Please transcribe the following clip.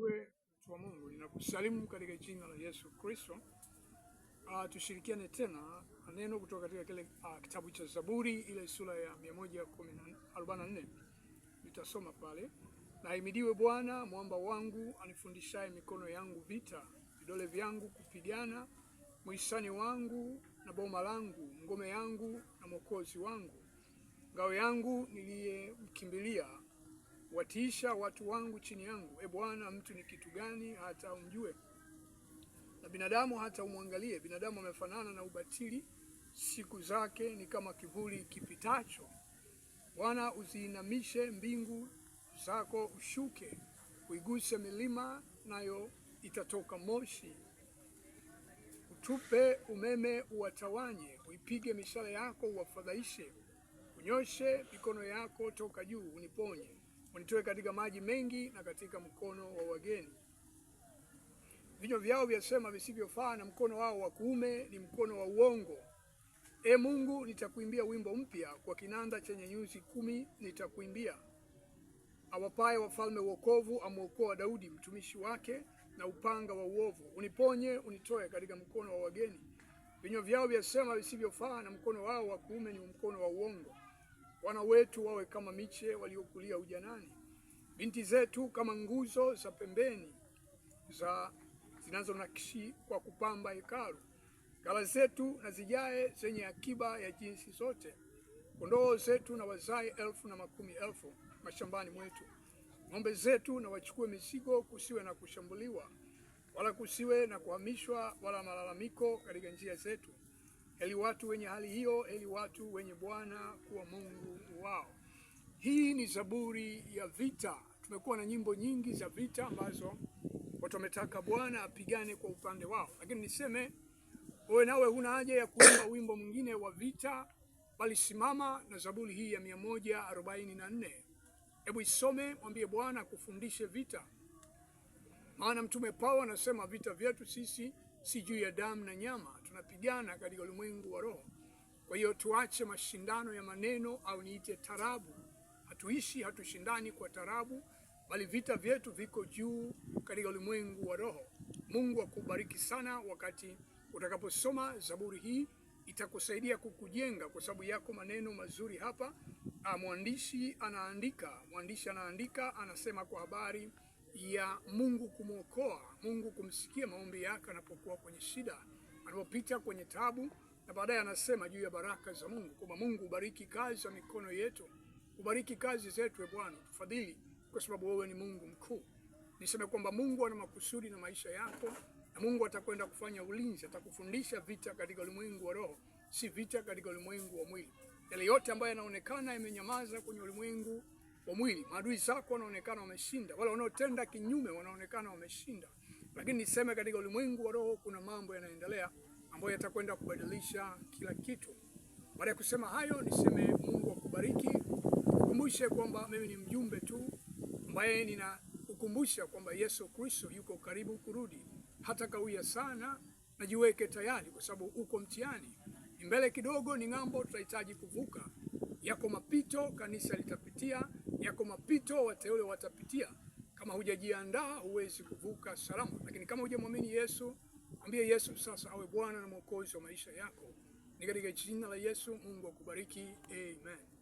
Uwe mtu wa Mungu, ninakusalimu katika jina la Yesu Kristo. Uh, tushirikiane tena neno kutoka katika kile uh, kitabu cha Zaburi ile sura ya 144 nitasoma pale. Nahimidiwe Bwana mwamba wangu, anifundishaye mikono yangu vita, vidole vyangu kupigana, mwisani wangu na boma langu, ngome yangu na mwokozi wangu, ngao yangu niliyemkimbilia watiisha watu wangu chini yangu. E Bwana, mtu ni kitu gani hata umjue, na binadamu hata umwangalie? Binadamu amefanana na ubatili, siku zake ni kama kivuli kipitacho. Bwana, uziinamishe mbingu zako, ushuke uiguse milima, nayo itatoka moshi. Utupe umeme uwatawanye, uipige mishale yako uwafadhaishe. Unyoshe mikono yako toka juu uniponye Mnitoe katika maji mengi na katika mkono wa wageni. Vinywa vyao vyasema visivyofaa, na mkono wao wa kuume ni mkono wa uongo. E Mungu, nitakuimbia wimbo mpya, kwa kinanda chenye nyuzi kumi nitakuimbia. Awapaye wafalme wokovu, amwokoa Daudi mtumishi wake na upanga wa uovu. Uniponye, unitoe katika mkono wa wageni. Vinywa vyao vyasema visivyofaa, na mkono wao wa kuume ni mkono wa uongo. Wana wetu wawe kama miche waliokulia ujanani, binti zetu kama nguzo za pembeni za zinazonakshi kwa kupamba hekalu, gala zetu na zijae zenye akiba ya jinsi zote, kondoo zetu na wazae elfu na makumi elfu mashambani mwetu, ng'ombe zetu na wachukue mizigo, kusiwe na kushambuliwa wala kusiwe na kuhamishwa wala malalamiko katika njia zetu. Heli watu wenye hali hiyo, heli watu wenye Bwana kuwa Mungu wao. Hii ni zaburi ya vita. Tumekuwa na nyimbo nyingi za vita ambazo watu wametaka Bwana apigane kwa upande wao, lakini niseme wewe nawe huna haja ya kuimba wimbo mwingine wa vita, bali simama na zaburi hii ya mia moja arobaini na nne. Hebu isome, mwambie Bwana akufundishe vita, maana Mtume Paulo anasema vita vyetu sisi si juu ya damu na nyama. Tunapigana katika ulimwengu wa roho. Kwa hiyo tuache mashindano ya maneno au niite tarabu. Hatuishi, hatushindani kwa tarabu, bali vita vyetu viko juu katika ulimwengu wa roho. Mungu akubariki sana. Wakati utakaposoma zaburi hii itakusaidia kukujenga, kwa sababu yako maneno mazuri hapa. Ah, mwandishi anaandika, mwandishi anaandika, anasema kwa habari ya Mungu kumwokoa, Mungu kumsikia maombi yake anapokuwa kwenye shida, anapopita kwenye tabu, na baadaye anasema juu ya baraka za Mungu kwamba Mungu ubariki kazi za mikono yetu, ubariki kazi zetu, e Bwana tufadhili, kwa sababu wewe ni Mungu mkuu. Niseme kwamba Mungu ana makusudi na maisha yako, na Mungu atakwenda kufanya ulinzi, atakufundisha vita katika ulimwengu wa roho, si vita katika ulimwengu wa mwili. Yale yote ambayo yanaonekana yamenyamaza kwenye ulimwengu wa mwili. Maadui zako wanaonekana wameshinda, wale wanaotenda kinyume wanaonekana wameshinda, lakini niseme katika ulimwengu wa roho kuna mambo yanaendelea ambayo yatakwenda kubadilisha kila kitu. Baada ya kusema hayo, niseme Mungu akubariki. kumbushe kwamba mimi ni mjumbe tu ambaye ninakukumbusha kwamba Yesu Kristo yuko karibu kurudi, hata kawia sana. Najiweke tayari kwa sababu uko mtihani, ni mbele kidogo, ni ng'ambo, tutahitaji kuvuka. Yako mapito kanisa litapitia yako mapito wateule watapitia. Kama hujajiandaa huwezi kuvuka salama, lakini kama hujamwamini Yesu, mwambie Yesu sasa awe Bwana na Mwokozi wa maisha yako. Ni katika jina la Yesu. Mungu akubariki. Amen.